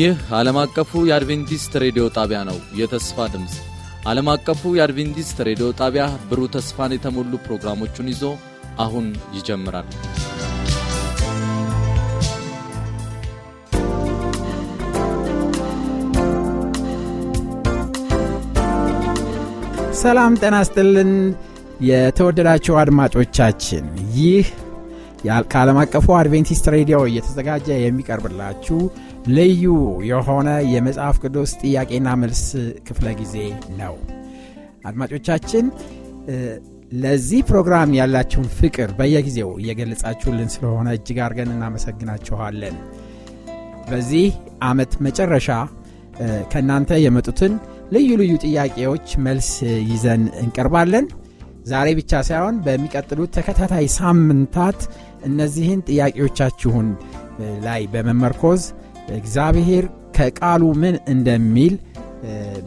ይህ ዓለም አቀፉ የአድቬንቲስት ሬዲዮ ጣቢያ ነው። የተስፋ ድምፅ ዓለም አቀፉ የአድቬንቲስት ሬዲዮ ጣቢያ ብሩህ ተስፋን የተሞሉ ፕሮግራሞቹን ይዞ አሁን ይጀምራል። ሰላም ጤና ስጥልን። የተወደዳቸው አድማጮቻችን ይህ ከዓለም አቀፉ አድቬንቲስት ሬዲዮ እየተዘጋጀ የሚቀርብላችሁ ልዩ የሆነ የመጽሐፍ ቅዱስ ጥያቄና መልስ ክፍለ ጊዜ ነው። አድማጮቻችን ለዚህ ፕሮግራም ያላችሁን ፍቅር በየጊዜው እየገለጻችሁልን ስለሆነ እጅግ አርገን እናመሰግናችኋለን። በዚህ ዓመት መጨረሻ ከእናንተ የመጡትን ልዩ ልዩ ጥያቄዎች መልስ ይዘን እንቀርባለን። ዛሬ ብቻ ሳይሆን በሚቀጥሉት ተከታታይ ሳምንታት እነዚህን ጥያቄዎቻችሁን ላይ በመመርኮዝ እግዚአብሔር ከቃሉ ምን እንደሚል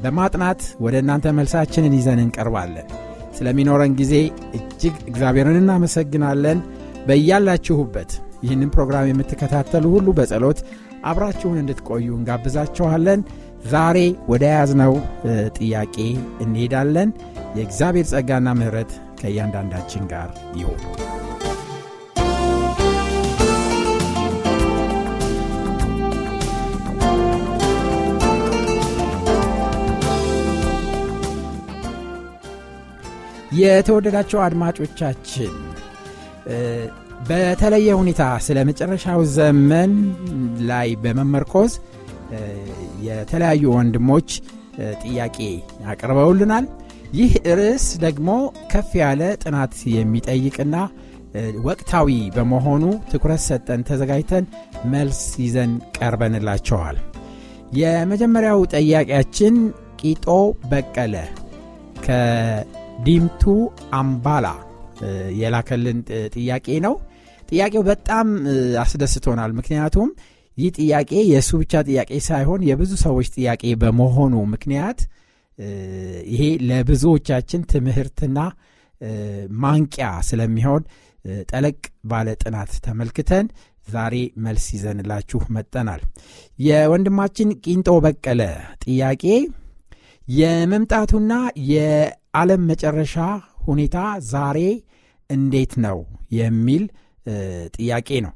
በማጥናት ወደ እናንተ መልሳችንን ይዘን እንቀርባለን ስለሚኖረን ጊዜ እጅግ እግዚአብሔርን እናመሰግናለን በያላችሁበት ይህንን ፕሮግራም የምትከታተሉ ሁሉ በጸሎት አብራችሁን እንድትቆዩ እንጋብዛችኋለን ዛሬ ወደ ያዝነው ጥያቄ እንሄዳለን የእግዚአብሔር ጸጋና ምህረት ከእያንዳንዳችን ጋር ይሆኑ የተወደዳቸው አድማጮቻችን በተለየ ሁኔታ ስለ መጨረሻው ዘመን ላይ በመመርኮዝ የተለያዩ ወንድሞች ጥያቄ አቅርበውልናል። ይህ ርዕስ ደግሞ ከፍ ያለ ጥናት የሚጠይቅና ወቅታዊ በመሆኑ ትኩረት ሰጠን ተዘጋጅተን መልስ ይዘን ቀርበንላቸዋል። የመጀመሪያው ጠያቂያችን ቂጦ በቀለ ዲምቱ አምባላ የላከልን ጥያቄ ነው። ጥያቄው በጣም አስደስቶናል። ምክንያቱም ይህ ጥያቄ የእሱ ብቻ ጥያቄ ሳይሆን የብዙ ሰዎች ጥያቄ በመሆኑ ምክንያት ይሄ ለብዙዎቻችን ትምህርትና ማንቂያ ስለሚሆን ጠለቅ ባለ ጥናት ተመልክተን ዛሬ መልስ ይዘንላችሁ መጠናል። የወንድማችን ቂንጦ በቀለ ጥያቄ የመምጣቱና የዓለም መጨረሻ ሁኔታ ዛሬ እንዴት ነው የሚል ጥያቄ ነው።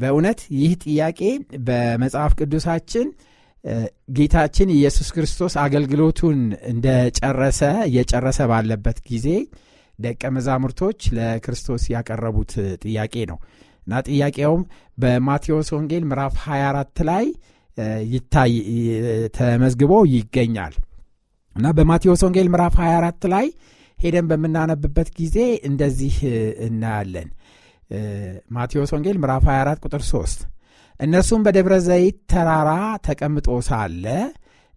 በእውነት ይህ ጥያቄ በመጽሐፍ ቅዱሳችን ጌታችን ኢየሱስ ክርስቶስ አገልግሎቱን እንደጨረሰ እየጨረሰ ባለበት ጊዜ ደቀ መዛሙርቶች ለክርስቶስ ያቀረቡት ጥያቄ ነው እና ጥያቄውም በማቴዎስ ወንጌል ምዕራፍ 24 ላይ ተመዝግቦ ይገኛል። እና በማቴዎስ ወንጌል ምዕራፍ 24 ላይ ሄደን በምናነብበት ጊዜ እንደዚህ እናያለን። ማቴዎስ ወንጌል ምዕራፍ 24 ቁጥር 3 እነሱም በደብረ ዘይት ተራራ ተቀምጦ ሳለ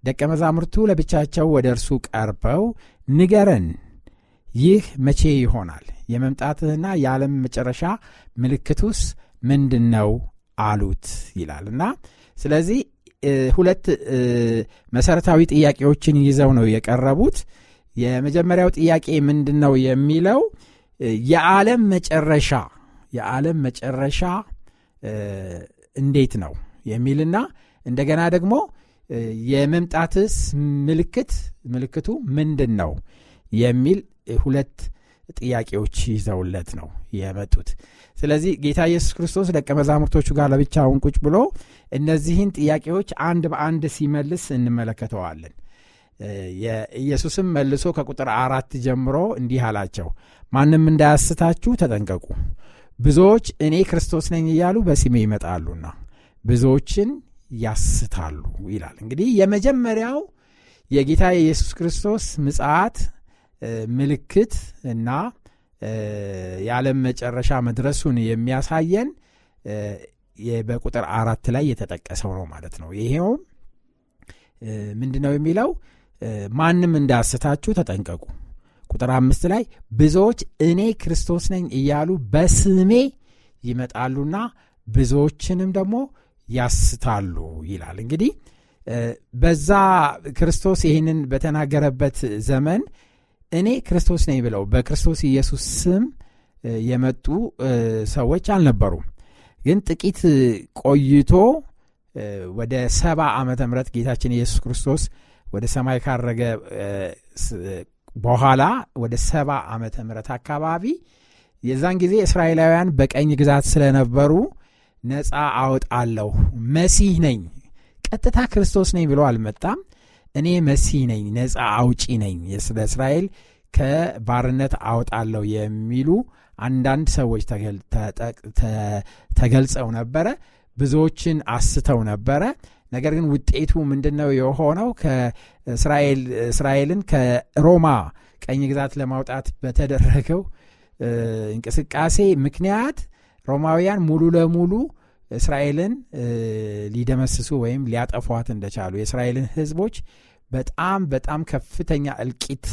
ደቀ መዛሙርቱ ለብቻቸው ወደ እርሱ ቀርበው ንገረን፣ ይህ መቼ ይሆናል? የመምጣትህና የዓለም መጨረሻ ምልክቱስ ምንድን ነው አሉት ይላል እና ስለዚህ ሁለት መሰረታዊ ጥያቄዎችን ይዘው ነው የቀረቡት የመጀመሪያው ጥያቄ ምንድን ነው የሚለው የዓለም መጨረሻ የዓለም መጨረሻ እንዴት ነው የሚልና እንደገና ደግሞ የመምጣትስ ምልክት ምልክቱ ምንድን ነው የሚል ሁለት ጥያቄዎች ይዘውለት ነው የመጡት ስለዚህ ጌታ ኢየሱስ ክርስቶስ ደቀ መዛሙርቶቹ ጋር ለብቻውን ቁጭ ብሎ እነዚህን ጥያቄዎች አንድ በአንድ ሲመልስ እንመለከተዋለን የኢየሱስም መልሶ ከቁጥር አራት ጀምሮ እንዲህ አላቸው ማንም እንዳያስታችሁ ተጠንቀቁ ብዙዎች እኔ ክርስቶስ ነኝ እያሉ በስሜ ይመጣሉና ብዙዎችን ያስታሉ ይላል እንግዲህ የመጀመሪያው የጌታ የኢየሱስ ክርስቶስ ምጽአት ምልክት እና የዓለም መጨረሻ መድረሱን የሚያሳየን በቁጥር አራት ላይ የተጠቀሰው ነው ማለት ነው። ይሄውም ምንድን ነው የሚለው ማንም እንዳያስታችሁ ተጠንቀቁ። ቁጥር አምስት ላይ ብዙዎች እኔ ክርስቶስ ነኝ እያሉ በስሜ ይመጣሉና ብዙዎችንም ደግሞ ያስታሉ ይላል። እንግዲህ በዛ ክርስቶስ ይህንን በተናገረበት ዘመን እኔ ክርስቶስ ነኝ ብለው በክርስቶስ ኢየሱስ ስም የመጡ ሰዎች አልነበሩም። ግን ጥቂት ቆይቶ ወደ ሰባ ዓመተ ምረት ጌታችን ኢየሱስ ክርስቶስ ወደ ሰማይ ካረገ በኋላ ወደ ሰባ ዓመተ ምረት አካባቢ የዛን ጊዜ እስራኤላውያን በቀኝ ግዛት ስለነበሩ ነፃ አወጣለሁ መሲህ ነኝ ቀጥታ ክርስቶስ ነኝ ብሎ አልመጣም። እኔ መሲህ ነኝ፣ ነፃ አውጪ ነኝ፣ ስለ እስራኤል ከባርነት አወጣለሁ የሚሉ አንዳንድ ሰዎች ተገልጸው ነበረ። ብዙዎችን አስተው ነበረ። ነገር ግን ውጤቱ ምንድን ነው የሆነው? እስራኤልን ከሮማ ቀኝ ግዛት ለማውጣት በተደረገው እንቅስቃሴ ምክንያት ሮማውያን ሙሉ ለሙሉ እስራኤልን ሊደመስሱ ወይም ሊያጠፏት እንደቻሉ የእስራኤልን ህዝቦች በጣም በጣም ከፍተኛ እልቂት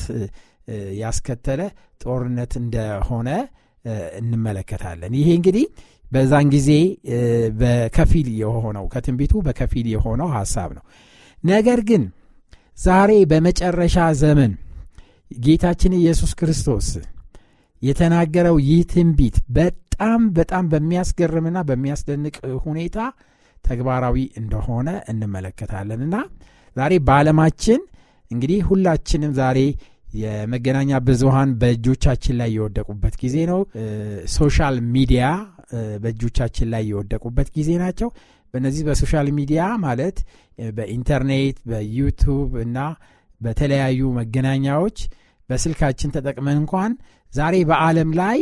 ያስከተለ ጦርነት እንደሆነ እንመለከታለን። ይሄ እንግዲህ በዛን ጊዜ በከፊል የሆነው ከትንቢቱ በከፊል የሆነው ሐሳብ ነው። ነገር ግን ዛሬ በመጨረሻ ዘመን ጌታችን ኢየሱስ ክርስቶስ የተናገረው ይህ ትንቢት በጣም በጣም በሚያስገርምና በሚያስደንቅ ሁኔታ ተግባራዊ እንደሆነ እንመለከታለን እና ዛሬ በዓለማችን እንግዲህ ሁላችንም ዛሬ የመገናኛ ብዙሃን በእጆቻችን ላይ የወደቁበት ጊዜ ነው። ሶሻል ሚዲያ በእጆቻችን ላይ የወደቁበት ጊዜ ናቸው። በእነዚህ በሶሻል ሚዲያ ማለት በኢንተርኔት፣ በዩቱብ እና በተለያዩ መገናኛዎች በስልካችን ተጠቅመን እንኳን ዛሬ በዓለም ላይ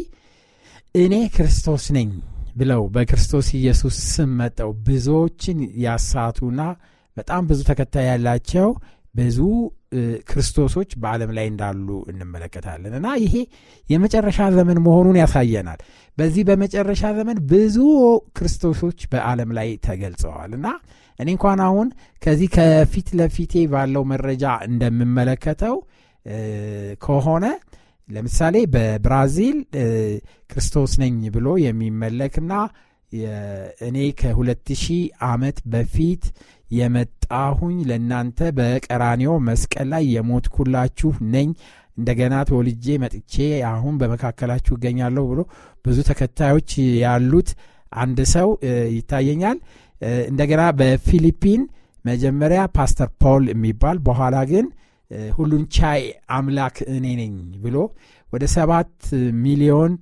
እኔ ክርስቶስ ነኝ ብለው በክርስቶስ ኢየሱስ ስም መጠው ብዙዎችን ያሳቱና በጣም ብዙ ተከታይ ያላቸው ብዙ ክርስቶሶች በዓለም ላይ እንዳሉ እንመለከታለን እና ይሄ የመጨረሻ ዘመን መሆኑን ያሳየናል። በዚህ በመጨረሻ ዘመን ብዙ ክርስቶሶች በዓለም ላይ ተገልጸዋል እና እኔ እንኳን አሁን ከዚህ ከፊት ለፊቴ ባለው መረጃ እንደምመለከተው ከሆነ ለምሳሌ በብራዚል ክርስቶስ ነኝ ብሎ የሚመለክና እኔ ከ20 ዓመት በፊት የመጣሁኝ ለእናንተ በቀራኒዮ መስቀል ላይ የሞትኩላችሁ ነኝ እንደገና ተወልጄ መጥቼ አሁን በመካከላችሁ እገኛለሁ ብሎ ብዙ ተከታዮች ያሉት አንድ ሰው ይታየኛል። እንደገና በፊሊፒን መጀመሪያ ፓስተር ፖል የሚባል በኋላ ግን ሁሉን ቻይ አምላክ እኔ ነኝ ብሎ ወደ ሰባት ሚሊዮን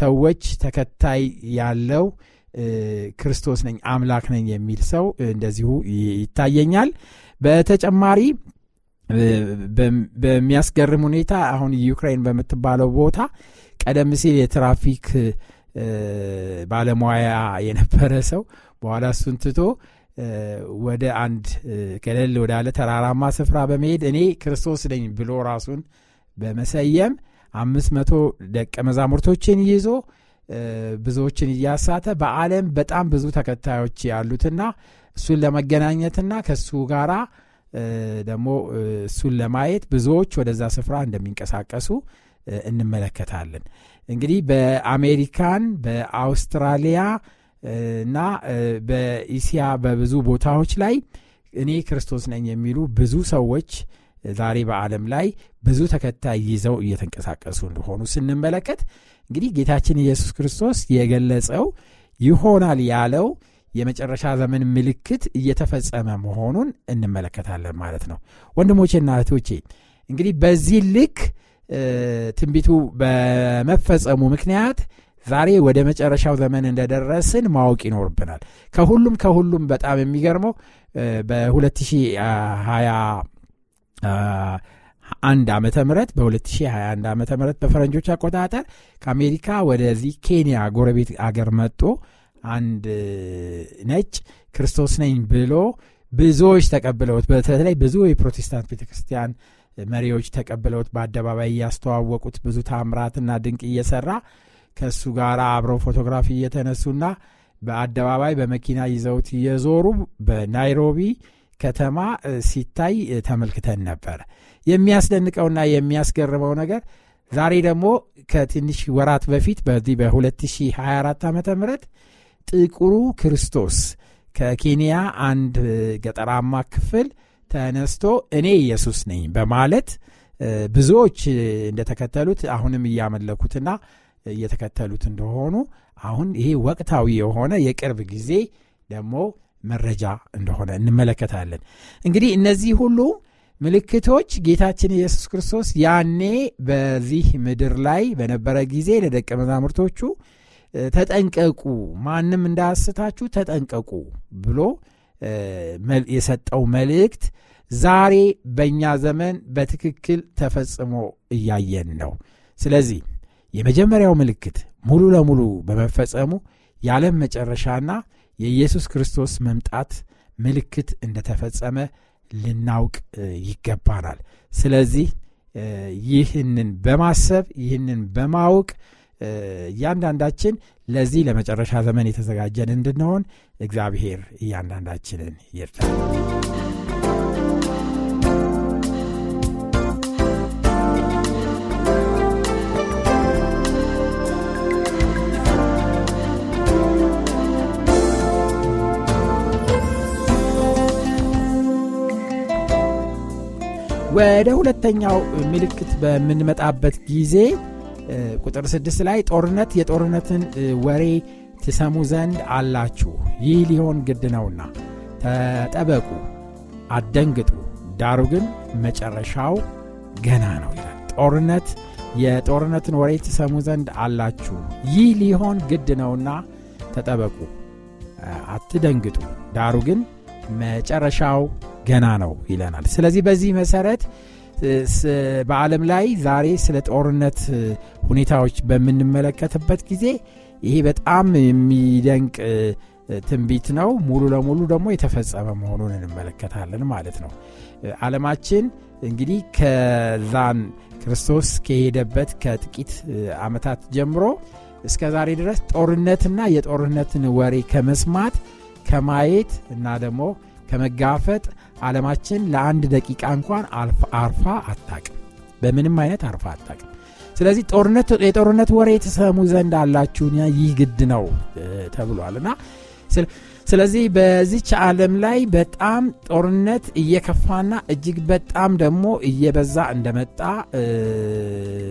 ሰዎች ተከታይ ያለው ክርስቶስ ነኝ አምላክ ነኝ የሚል ሰው እንደዚሁ ይታየኛል በተጨማሪ በሚያስገርም ሁኔታ አሁን ዩክሬን በምትባለው ቦታ ቀደም ሲል የትራፊክ ባለሙያ የነበረ ሰው በኋላ እሱን ትቶ ወደ አንድ ገለል ወዳለ ተራራማ ስፍራ በመሄድ እኔ ክርስቶስ ነኝ ብሎ ራሱን በመሰየም አምስት መቶ ደቀ መዛሙርቶችን ይዞ ብዙዎችን እያሳተ በዓለም በጣም ብዙ ተከታዮች ያሉትና እሱን ለመገናኘትና ከእሱ ጋር ደግሞ እሱን ለማየት ብዙዎች ወደዛ ስፍራ እንደሚንቀሳቀሱ እንመለከታለን። እንግዲህ በአሜሪካን በአውስትራሊያ እና በኢሲያ በብዙ ቦታዎች ላይ እኔ ክርስቶስ ነኝ የሚሉ ብዙ ሰዎች ዛሬ በዓለም ላይ ብዙ ተከታይ ይዘው እየተንቀሳቀሱ እንደሆኑ ስንመለከት እንግዲህ ጌታችን ኢየሱስ ክርስቶስ የገለጸው ይሆናል ያለው የመጨረሻ ዘመን ምልክት እየተፈጸመ መሆኑን እንመለከታለን ማለት ነው። ወንድሞቼና እህቶቼ እንግዲህ በዚህ ልክ ትንቢቱ በመፈጸሙ ምክንያት ዛሬ ወደ መጨረሻው ዘመን እንደደረስን ማወቅ ይኖርብናል። ከሁሉም ከሁሉም በጣም የሚገርመው በ2020 አንድ ዓመተ ምህረት በ2021 ዓመተ ምህረት በፈረንጆች አቆጣጠር ከአሜሪካ ወደዚህ ኬንያ ጎረቤት አገር መጦ አንድ ነጭ ክርስቶስ ነኝ ብሎ ብዙዎች ተቀብለውት በተለይ ብዙ የፕሮቴስታንት ቤተክርስቲያን መሪዎች ተቀብለውት በአደባባይ እያስተዋወቁት ብዙ ታምራትና ድንቅ እየሰራ ከእሱ ጋር አብረው ፎቶግራፊ እየተነሱና በአደባባይ በመኪና ይዘውት እየዞሩ በናይሮቢ ከተማ ሲታይ ተመልክተን ነበር። የሚያስደንቀውና የሚያስገርመው ነገር ዛሬ ደግሞ ከትንሽ ወራት በፊት በዚህ በ2024 ዓ ም ጥቁሩ ክርስቶስ ከኬንያ አንድ ገጠራማ ክፍል ተነስቶ እኔ ኢየሱስ ነኝ በማለት ብዙዎች እንደተከተሉት አሁንም እያመለኩትና እየተከተሉት እንደሆኑ አሁን ይሄ ወቅታዊ የሆነ የቅርብ ጊዜ ደግሞ መረጃ እንደሆነ እንመለከታለን። እንግዲህ እነዚህ ሁሉ ምልክቶች ጌታችን ኢየሱስ ክርስቶስ ያኔ በዚህ ምድር ላይ በነበረ ጊዜ ለደቀ መዛሙርቶቹ ተጠንቀቁ፣ ማንም እንዳያስታችሁ ተጠንቀቁ ብሎ የሰጠው መልእክት ዛሬ በእኛ ዘመን በትክክል ተፈጽሞ እያየን ነው። ስለዚህ የመጀመሪያው ምልክት ሙሉ ለሙሉ በመፈጸሙ የዓለም መጨረሻና የኢየሱስ ክርስቶስ መምጣት ምልክት እንደተፈጸመ ልናውቅ ይገባናል። ስለዚህ ይህንን በማሰብ ይህንን በማወቅ እያንዳንዳችን ለዚህ ለመጨረሻ ዘመን የተዘጋጀን እንድንሆን እግዚአብሔር እያንዳንዳችንን ይርዳል። ወደ ሁለተኛው ምልክት በምንመጣበት ጊዜ ቁጥር ስድስት ላይ ጦርነት የጦርነትን ወሬ ትሰሙ ዘንድ አላችሁ ይህ ሊሆን ግድ ነውና ተጠበቁ አደንግጡ ዳሩ ግን መጨረሻው ገና ነው ይላል ጦርነት የጦርነትን ወሬ ትሰሙ ዘንድ አላችሁ ይህ ሊሆን ግድ ነውና ተጠበቁ አትደንግጡ ዳሩ ግን መጨረሻው ገና ነው ይለናል። ስለዚህ በዚህ መሰረት በዓለም ላይ ዛሬ ስለ ጦርነት ሁኔታዎች በምንመለከትበት ጊዜ ይሄ በጣም የሚደንቅ ትንቢት ነው። ሙሉ ለሙሉ ደግሞ የተፈጸመ መሆኑን እንመለከታለን ማለት ነው። አለማችን እንግዲህ ከዛን ክርስቶስ ከሄደበት ከጥቂት ዓመታት ጀምሮ እስከ ዛሬ ድረስ ጦርነትና የጦርነትን ወሬ ከመስማት ከማየት እና ደግሞ ከመጋፈጥ ዓለማችን ለአንድ ደቂቃ እንኳን አርፋ አታቅም። በምንም አይነት አርፋ አታቅም። ስለዚህ የጦርነት ወሬ የተሰሙ ዘንድ አላችሁን ይህ ግድ ነው ተብሏል እና ስለዚህ በዚች ዓለም ላይ በጣም ጦርነት እየከፋና እጅግ በጣም ደግሞ እየበዛ እንደመጣ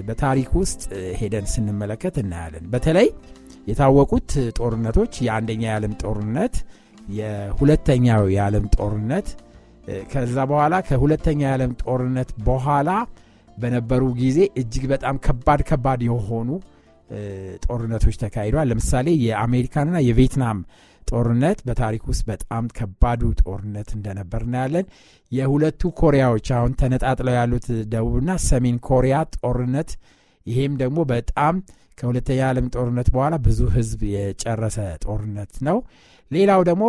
በታሪክ ውስጥ ሄደን ስንመለከት እናያለን። በተለይ የታወቁት ጦርነቶች የአንደኛ የዓለም ጦርነት፣ የሁለተኛው የዓለም ጦርነት ከዛ በኋላ ከሁለተኛ የዓለም ጦርነት በኋላ በነበሩ ጊዜ እጅግ በጣም ከባድ ከባድ የሆኑ ጦርነቶች ተካሂደዋል። ለምሳሌ የአሜሪካንና የቬትናም ጦርነት በታሪክ ውስጥ በጣም ከባዱ ጦርነት እንደነበር እናያለን። የሁለቱ ኮሪያዎች አሁን ተነጣጥለው ያሉት ደቡብና ሰሜን ኮሪያ ጦርነት፣ ይሄም ደግሞ በጣም ከሁለተኛ ዓለም ጦርነት በኋላ ብዙ ሕዝብ የጨረሰ ጦርነት ነው። ሌላው ደግሞ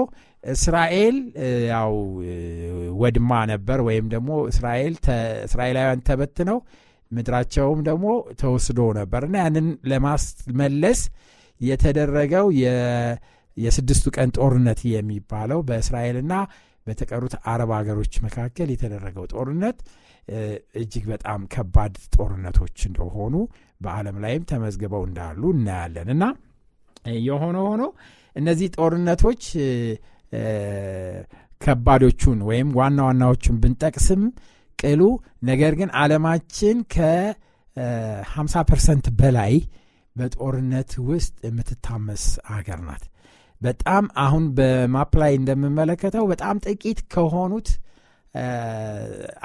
እስራኤል ያው ወድማ ነበር ወይም ደግሞ እስራኤል እስራኤላውያን ተበትነው ምድራቸውም ደግሞ ተወስዶ ነበር እና ያንን ለማስመለስ የተደረገው የስድስቱ ቀን ጦርነት የሚባለው በእስራኤልና በተቀሩት አረብ ሀገሮች መካከል የተደረገው ጦርነት እጅግ በጣም ከባድ ጦርነቶች እንደሆኑ በዓለም ላይም ተመዝግበው እንዳሉ እናያለን እና የሆነ ሆኖ እነዚህ ጦርነቶች ከባዶቹን ወይም ዋና ዋናዎቹን ብንጠቅስም ቅሉ ነገር ግን ዓለማችን ከ50 ፐርሰንት በላይ በጦርነት ውስጥ የምትታመስ ሀገር ናት። በጣም አሁን በማፕ ላይ እንደምመለከተው በጣም ጥቂት ከሆኑት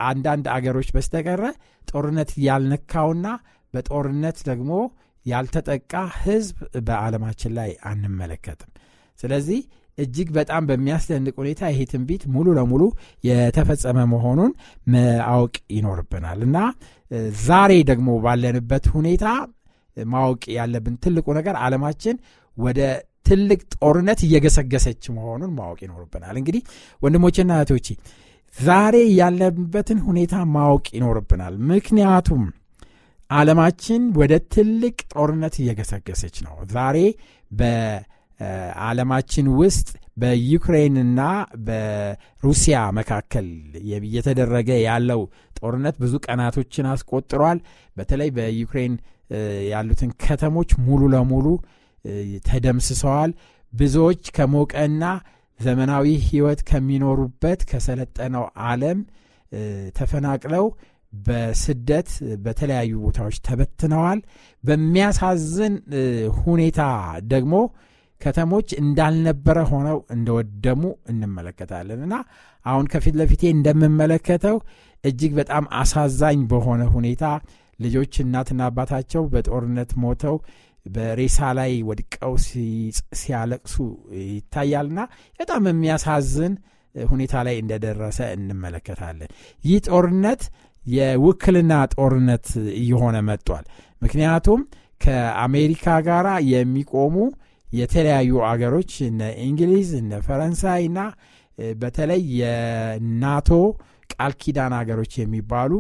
አንዳንድ አገሮች በስተቀረ ጦርነት ያልነካውና በጦርነት ደግሞ ያልተጠቃ ሕዝብ በዓለማችን ላይ አንመለከትም። ስለዚህ እጅግ በጣም በሚያስደንቅ ሁኔታ ይሄ ትንቢት ሙሉ ለሙሉ የተፈጸመ መሆኑን ማወቅ ይኖርብናል እና ዛሬ ደግሞ ባለንበት ሁኔታ ማወቅ ያለብን ትልቁ ነገር ዓለማችን ወደ ትልቅ ጦርነት እየገሰገሰች መሆኑን ማወቅ ይኖርብናል። እንግዲህ ወንድሞቼና እህቶቼ ዛሬ ያለንበትን ሁኔታ ማወቅ ይኖርብናል። ምክንያቱም ዓለማችን ወደ ትልቅ ጦርነት እየገሰገሰች ነው። ዛሬ ዓለማችን ውስጥ በዩክሬንና በሩሲያ መካከል እየተደረገ ያለው ጦርነት ብዙ ቀናቶችን አስቆጥሯል። በተለይ በዩክሬን ያሉትን ከተሞች ሙሉ ለሙሉ ተደምስሰዋል። ብዙዎች ከሞቀና ዘመናዊ ሕይወት ከሚኖሩበት ከሰለጠነው ዓለም ተፈናቅለው በስደት በተለያዩ ቦታዎች ተበትነዋል። በሚያሳዝን ሁኔታ ደግሞ ከተሞች እንዳልነበረ ሆነው እንደወደሙ እንመለከታለን እና አሁን ከፊት ለፊቴ እንደምመለከተው እጅግ በጣም አሳዛኝ በሆነ ሁኔታ ልጆች እናትና አባታቸው በጦርነት ሞተው በሬሳ ላይ ወድቀው ሲያለቅሱ ይታያልና በጣም የሚያሳዝን ሁኔታ ላይ እንደደረሰ እንመለከታለን። ይህ ጦርነት የውክልና ጦርነት እየሆነ መጥቷል። ምክንያቱም ከአሜሪካ ጋር የሚቆሙ የተለያዩ አገሮች እነ እንግሊዝ እነ ፈረንሳይ እና በተለይ የናቶ ቃል ኪዳን አገሮች የሚባሉ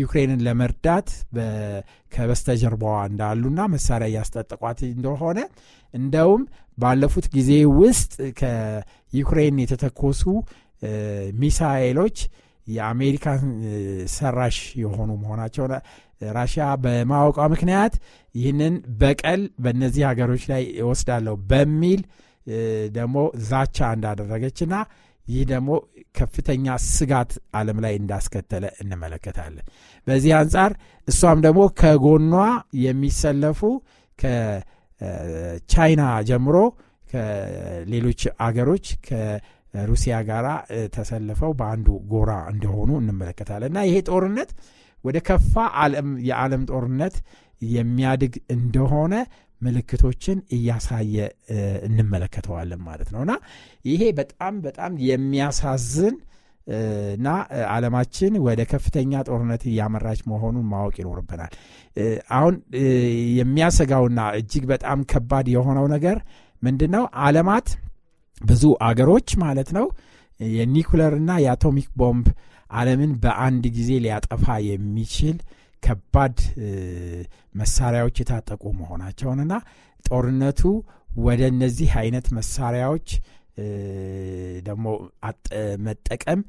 ዩክሬንን ለመርዳት ከበስተጀርባዋ እንዳሉና መሳሪያ እያስጠጠቋት እንደሆነ እንደውም ባለፉት ጊዜ ውስጥ ከዩክሬን የተተኮሱ ሚሳኤሎች የአሜሪካን ሰራሽ የሆኑ መሆናቸውን ራሽያ በማወቋ ምክንያት ይህንን በቀል በእነዚህ ሀገሮች ላይ ይወስዳለሁ በሚል ደግሞ ዛቻ እንዳደረገችና ይህ ደግሞ ከፍተኛ ስጋት ዓለም ላይ እንዳስከተለ እንመለከታለን። በዚህ አንጻር እሷም ደግሞ ከጎኗ የሚሰለፉ ከቻይና ጀምሮ ከሌሎች አገሮች ከሩሲያ ጋር ተሰልፈው በአንዱ ጎራ እንደሆኑ እንመለከታለን እና ይሄ ጦርነት ወደ ከፋ የዓለም ጦርነት የሚያድግ እንደሆነ ምልክቶችን እያሳየ እንመለከተዋለን ማለት ነውና ይሄ በጣም በጣም የሚያሳዝን እና ዓለማችን ወደ ከፍተኛ ጦርነት እያመራች መሆኑን ማወቅ ይኖርብናል። አሁን የሚያሰጋውና እጅግ በጣም ከባድ የሆነው ነገር ምንድን ነው? ዓለማት ብዙ አገሮች ማለት ነው የኒኩለርና የአቶሚክ ቦምብ ዓለምን በአንድ ጊዜ ሊያጠፋ የሚችል ከባድ መሳሪያዎች የታጠቁ መሆናቸውንና ጦርነቱ ወደ እነዚህ አይነት መሳሪያዎች ደግሞ መጠቀም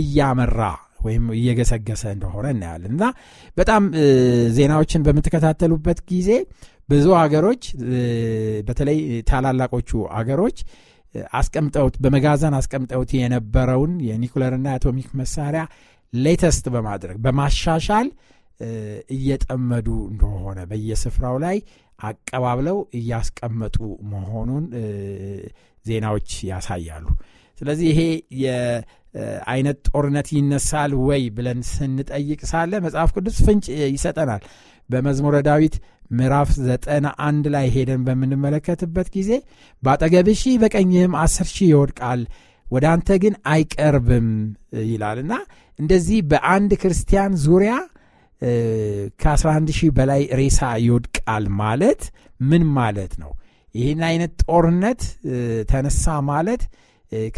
እያመራ ወይም እየገሰገሰ እንደሆነ እናያለን እና በጣም ዜናዎችን በምትከታተሉበት ጊዜ ብዙ አገሮች በተለይ ታላላቆቹ አገሮች አስቀምጠውት በመጋዘን አስቀምጠውት የነበረውን የኒኩለርና የአቶሚክ መሳሪያ ሌተስት በማድረግ በማሻሻል እየጠመዱ እንደሆነ በየስፍራው ላይ አቀባብለው እያስቀመጡ መሆኑን ዜናዎች ያሳያሉ። ስለዚህ ይሄ የአይነት ጦርነት ይነሳል ወይ ብለን ስንጠይቅ ሳለ መጽሐፍ ቅዱስ ፍንጭ ይሰጠናል። በመዝሙረ ዳዊት ምዕራፍ ዘጠና አንድ ላይ ሄደን በምንመለከትበት ጊዜ በአጠገብ ሺህ በቀኝህም አስር ሺህ ይወድቃል ወደ አንተ ግን አይቀርብም ይላልና እንደዚህ በአንድ ክርስቲያን ዙሪያ ከ11 ሺህ በላይ ሬሳ ይወድቃል ማለት ምን ማለት ነው? ይህን አይነት ጦርነት ተነሳ ማለት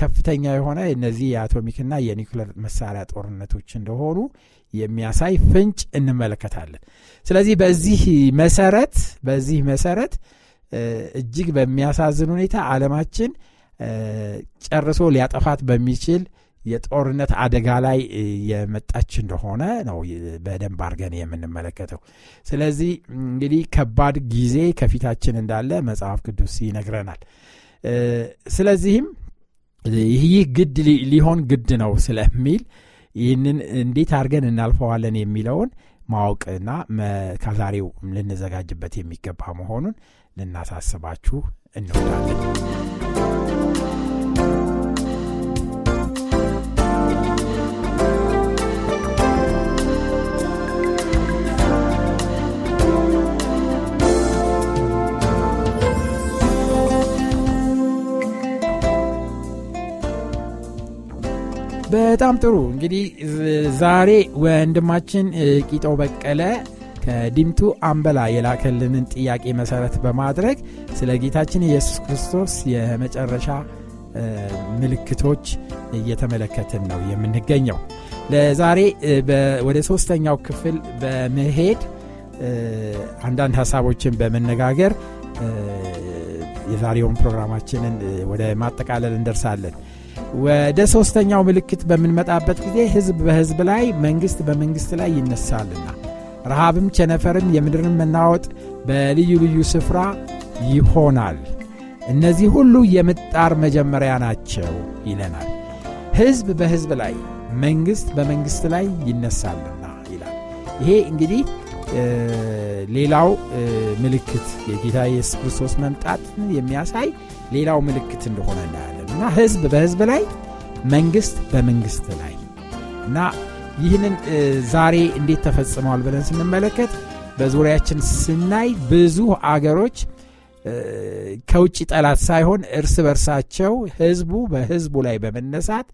ከፍተኛ የሆነ እነዚህ የአቶሚክና የኒኩለር መሳሪያ ጦርነቶች እንደሆኑ የሚያሳይ ፍንጭ እንመለከታለን። ስለዚህ በዚህ መሰረት በዚህ መሰረት እጅግ በሚያሳዝን ሁኔታ አለማችን ጨርሶ ሊያጠፋት በሚችል የጦርነት አደጋ ላይ የመጣች እንደሆነ ነው በደንብ አርገን የምንመለከተው። ስለዚህ እንግዲህ ከባድ ጊዜ ከፊታችን እንዳለ መጽሐፍ ቅዱስ ይነግረናል። ስለዚህም ይህ ግድ ሊሆን ግድ ነው ስለሚል ይህንን እንዴት አድርገን እናልፈዋለን የሚለውን ማወቅና ከዛሬው ልንዘጋጅበት የሚገባ መሆኑን ልናሳስባችሁ እንወዳለን። በጣም ጥሩ እንግዲህ ዛሬ ወንድማችን ቂጦ በቀለ ከዲምቱ አምበላ የላከልንን ጥያቄ መሰረት በማድረግ ስለ ጌታችን ኢየሱስ ክርስቶስ የመጨረሻ ምልክቶች እየተመለከትን ነው የምንገኘው ለዛሬ ወደ ሶስተኛው ክፍል በመሄድ አንዳንድ ሀሳቦችን በመነጋገር የዛሬውን ፕሮግራማችንን ወደ ማጠቃለል እንደርሳለን ወደ ሦስተኛው ምልክት በምንመጣበት ጊዜ ሕዝብ በሕዝብ ላይ፣ መንግሥት በመንግሥት ላይ ይነሳልና ረሃብም ቸነፈርም የምድርን መናወጥ በልዩ ልዩ ስፍራ ይሆናል። እነዚህ ሁሉ የምጣር መጀመሪያ ናቸው ይለናል። ሕዝብ በሕዝብ ላይ፣ መንግሥት በመንግሥት ላይ ይነሳልና ይላል። ይሄ እንግዲህ ሌላው ምልክት የጌታ ኢየሱስ ክርስቶስ መምጣትን የሚያሳይ ሌላው ምልክት እንደሆነ እናያለን። እና ህዝብ በህዝብ ላይ መንግስት በመንግስት ላይ እና ይህንን ዛሬ እንዴት ተፈጽመዋል ብለን ስንመለከት በዙሪያችን ስናይ ብዙ አገሮች ከውጭ ጠላት ሳይሆን እርስ በርሳቸው ህዝቡ በህዝቡ ላይ በመነሳት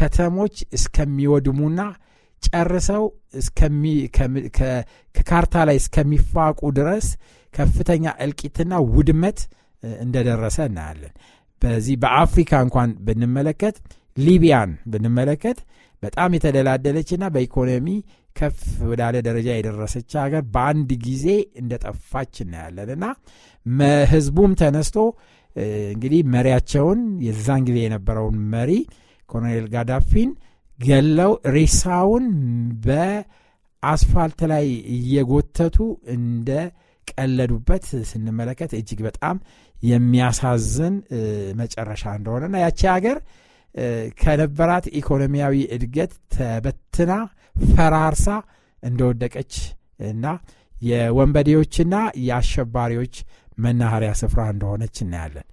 ከተሞች እስከሚወድሙና ጨርሰው ከካርታ ላይ እስከሚፋቁ ድረስ ከፍተኛ እልቂትና ውድመት እንደደረሰ እናያለን በዚህ በአፍሪካ እንኳን ብንመለከት ሊቢያን ብንመለከት በጣም የተደላደለችና በኢኮኖሚ ከፍ ወዳለ ደረጃ የደረሰች ሀገር በአንድ ጊዜ እንደጠፋች እናያለን እና ህዝቡም ተነስቶ እንግዲህ መሪያቸውን የዛን ጊዜ የነበረውን መሪ ኮሎኔል ጋዳፊን ገለው ሬሳውን በአስፋልት ላይ እየጎተቱ እንደ ቀለዱበት ስንመለከት እጅግ በጣም የሚያሳዝን መጨረሻ እንደሆነ ና ያቺ ሀገር ከነበራት ኢኮኖሚያዊ እድገት ተበትና ፈራርሳ እንደወደቀች እና የወንበዴዎችና የአሸባሪዎች መናኸሪያ ስፍራ እንደሆነች እናያለን።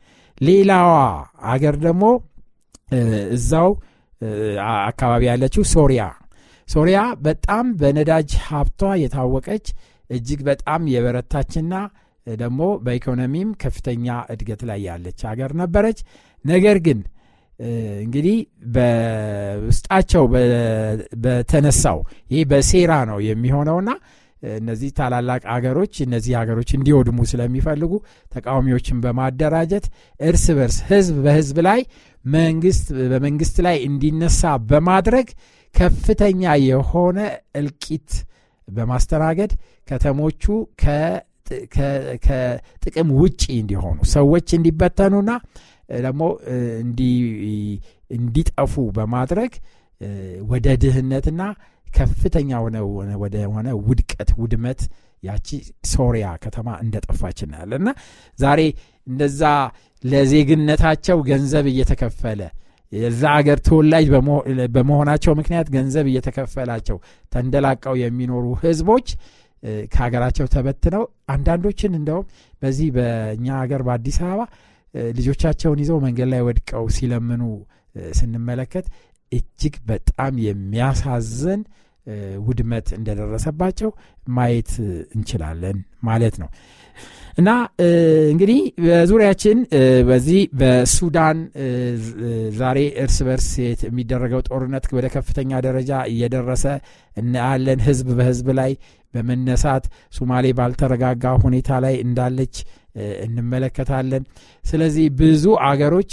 ሌላዋ አገር ደግሞ እዛው አካባቢ ያለችው ሶሪያ ሶሪያ በጣም በነዳጅ ሀብቷ የታወቀች እጅግ በጣም የበረታችና ደግሞ በኢኮኖሚም ከፍተኛ እድገት ላይ ያለች ሀገር ነበረች። ነገር ግን እንግዲህ በውስጣቸው በተነሳው ይህ በሴራ ነው የሚሆነውና እነዚህ ታላላቅ አገሮች እነዚህ ሀገሮች እንዲወድሙ ስለሚፈልጉ ተቃዋሚዎችን በማደራጀት እርስ በርስ ህዝብ በህዝብ ላይ መንግስት በመንግስት ላይ እንዲነሳ በማድረግ ከፍተኛ የሆነ እልቂት በማስተናገድ ከተሞቹ ከጥቅም ውጪ እንዲሆኑ ሰዎች እንዲበተኑና ደግሞ እንዲጠፉ በማድረግ ወደ ድህነትና ከፍተኛ ወደ ሆነ ውድቀት ውድመት ያቺ ሶሪያ ከተማ እንደጠፋች እናያለን እና ዛሬ እንደዛ ለዜግነታቸው ገንዘብ እየተከፈለ የዛ አገር ተወላጅ በመሆናቸው ምክንያት ገንዘብ እየተከፈላቸው ተንደላቀው የሚኖሩ ህዝቦች ከሀገራቸው ተበትነው አንዳንዶችን እንደውም በዚህ በእኛ ሀገር በአዲስ አበባ ልጆቻቸውን ይዘው መንገድ ላይ ወድቀው ሲለምኑ ስንመለከት እጅግ በጣም የሚያሳዝን ውድመት እንደደረሰባቸው ማየት እንችላለን ማለት ነው እና እንግዲህ በዙሪያችን በዚህ በሱዳን ዛሬ እርስ በርስ የሚደረገው ጦርነት ወደ ከፍተኛ ደረጃ እየደረሰ እናያለን ህዝብ በህዝብ ላይ በመነሳት ሱማሌ ባልተረጋጋ ሁኔታ ላይ እንዳለች እንመለከታለን ስለዚህ ብዙ አገሮች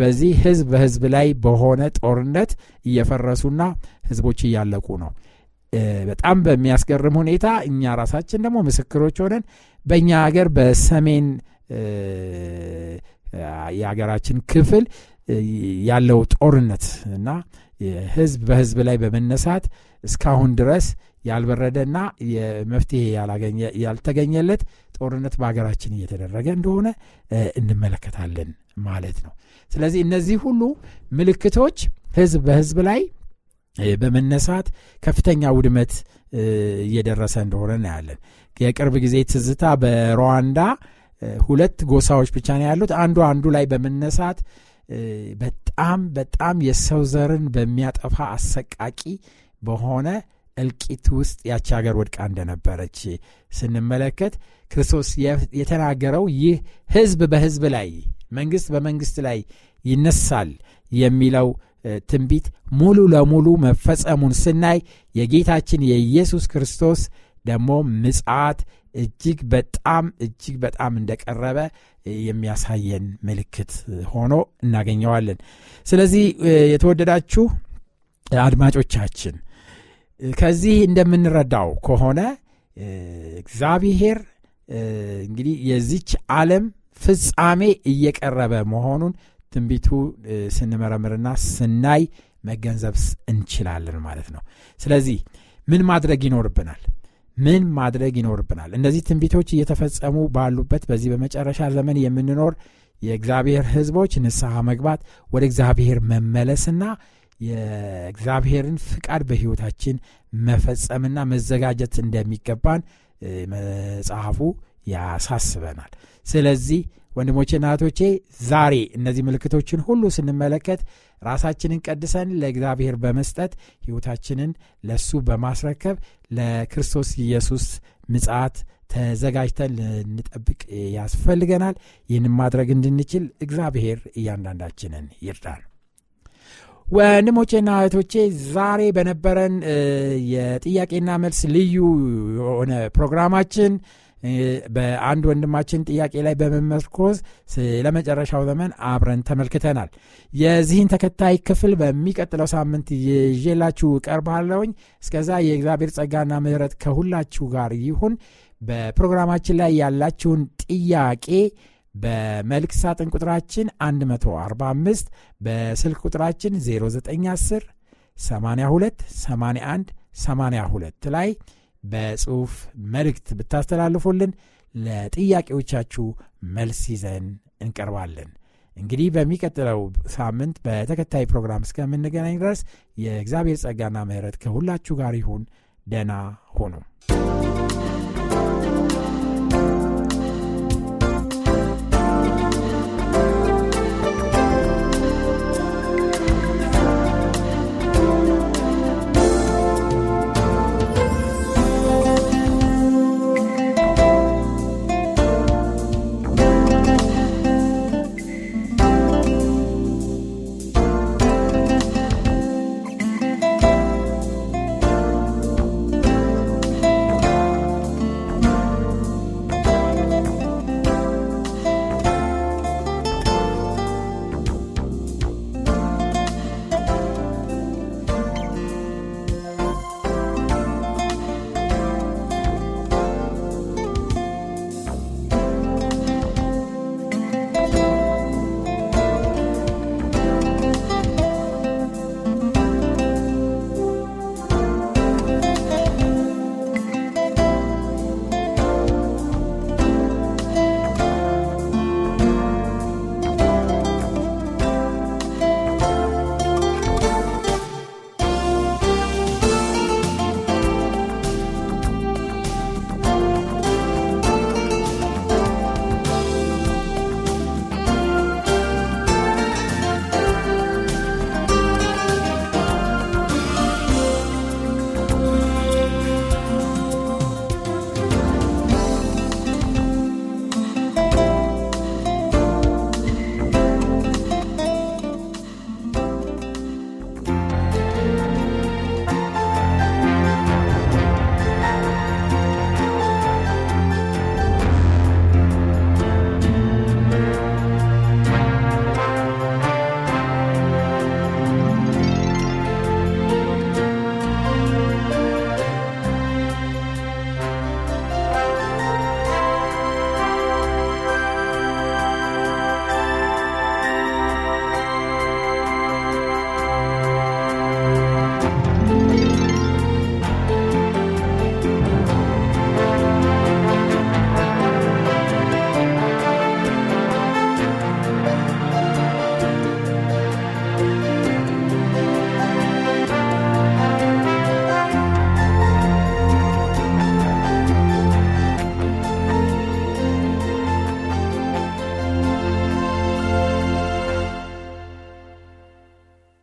በዚህ ህዝብ በህዝብ ላይ በሆነ ጦርነት እየፈረሱና ህዝቦች እያለቁ ነው በጣም በሚያስገርም ሁኔታ እኛ ራሳችን ደግሞ ምስክሮች ሆነን በእኛ ሀገር በሰሜን የሀገራችን ክፍል ያለው ጦርነት እና ህዝብ በህዝብ ላይ በመነሳት እስካሁን ድረስ ያልበረደና የመፍትሄ ያልተገኘለት ጦርነት በሀገራችን እየተደረገ እንደሆነ እንመለከታለን ማለት ነው። ስለዚህ እነዚህ ሁሉ ምልክቶች ህዝብ በህዝብ ላይ በመነሳት ከፍተኛ ውድመት እየደረሰ እንደሆነ እናያለን። የቅርብ ጊዜ ትዝታ በሩዋንዳ ሁለት ጎሳዎች ብቻ ነው ያሉት። አንዱ አንዱ ላይ በመነሳት በጣም በጣም የሰው ዘርን በሚያጠፋ አሰቃቂ በሆነ እልቂት ውስጥ ያቺ ሀገር ወድቃ እንደነበረች ስንመለከት ክርስቶስ የተናገረው ይህ ሕዝብ በሕዝብ ላይ መንግስት በመንግስት ላይ ይነሳል የሚለው ትንቢት ሙሉ ለሙሉ መፈጸሙን ስናይ የጌታችን የኢየሱስ ክርስቶስ ደግሞ ምጽአት እጅግ በጣም እጅግ በጣም እንደቀረበ የሚያሳየን ምልክት ሆኖ እናገኘዋለን። ስለዚህ የተወደዳችሁ አድማጮቻችን ከዚህ እንደምንረዳው ከሆነ እግዚአብሔር እንግዲህ የዚች ዓለም ፍጻሜ እየቀረበ መሆኑን ትንቢቱ ስንመረምርና ስናይ መገንዘብ እንችላለን ማለት ነው ስለዚህ ምን ማድረግ ይኖርብናል ምን ማድረግ ይኖርብናል እነዚህ ትንቢቶች እየተፈጸሙ ባሉበት በዚህ በመጨረሻ ዘመን የምንኖር የእግዚአብሔር ህዝቦች ንስሐ መግባት ወደ እግዚአብሔር መመለስና የእግዚአብሔርን ፍቃድ በህይወታችን መፈጸምና መዘጋጀት እንደሚገባን መጽሐፉ ያሳስበናል ስለዚህ ወንድሞቼና እህቶቼ ዛሬ እነዚህ ምልክቶችን ሁሉ ስንመለከት ራሳችንን ቀድሰን ለእግዚአብሔር በመስጠት ሕይወታችንን ለሱ በማስረከብ ለክርስቶስ ኢየሱስ ምጽአት ተዘጋጅተን ልንጠብቅ ያስፈልገናል። ይህን ማድረግ እንድንችል እግዚአብሔር እያንዳንዳችንን ይርዳል። ወንድሞቼና እህቶቼ ዛሬ በነበረን የጥያቄና መልስ ልዩ የሆነ ፕሮግራማችን በአንድ ወንድማችን ጥያቄ ላይ በመመርኮዝ ስለመጨረሻው ዘመን አብረን ተመልክተናል። የዚህን ተከታይ ክፍል በሚቀጥለው ሳምንት ይዤላችሁ ቀርባለውኝ። እስከዛ የእግዚአብሔር ጸጋና ምሕረት ከሁላችሁ ጋር ይሁን። በፕሮግራማችን ላይ ያላችሁን ጥያቄ በመልእክት ሳጥን ቁጥራችን 145 በስልክ ቁጥራችን 0910 82 81 82 ላይ በጽሑፍ መልእክት ብታስተላልፉልን ለጥያቄዎቻችሁ መልስ ይዘን እንቀርባለን። እንግዲህ በሚቀጥለው ሳምንት በተከታይ ፕሮግራም እስከምንገናኝ ድረስ የእግዚአብሔር ጸጋና ምሕረት ከሁላችሁ ጋር ይሁን። ደና ሆኖ።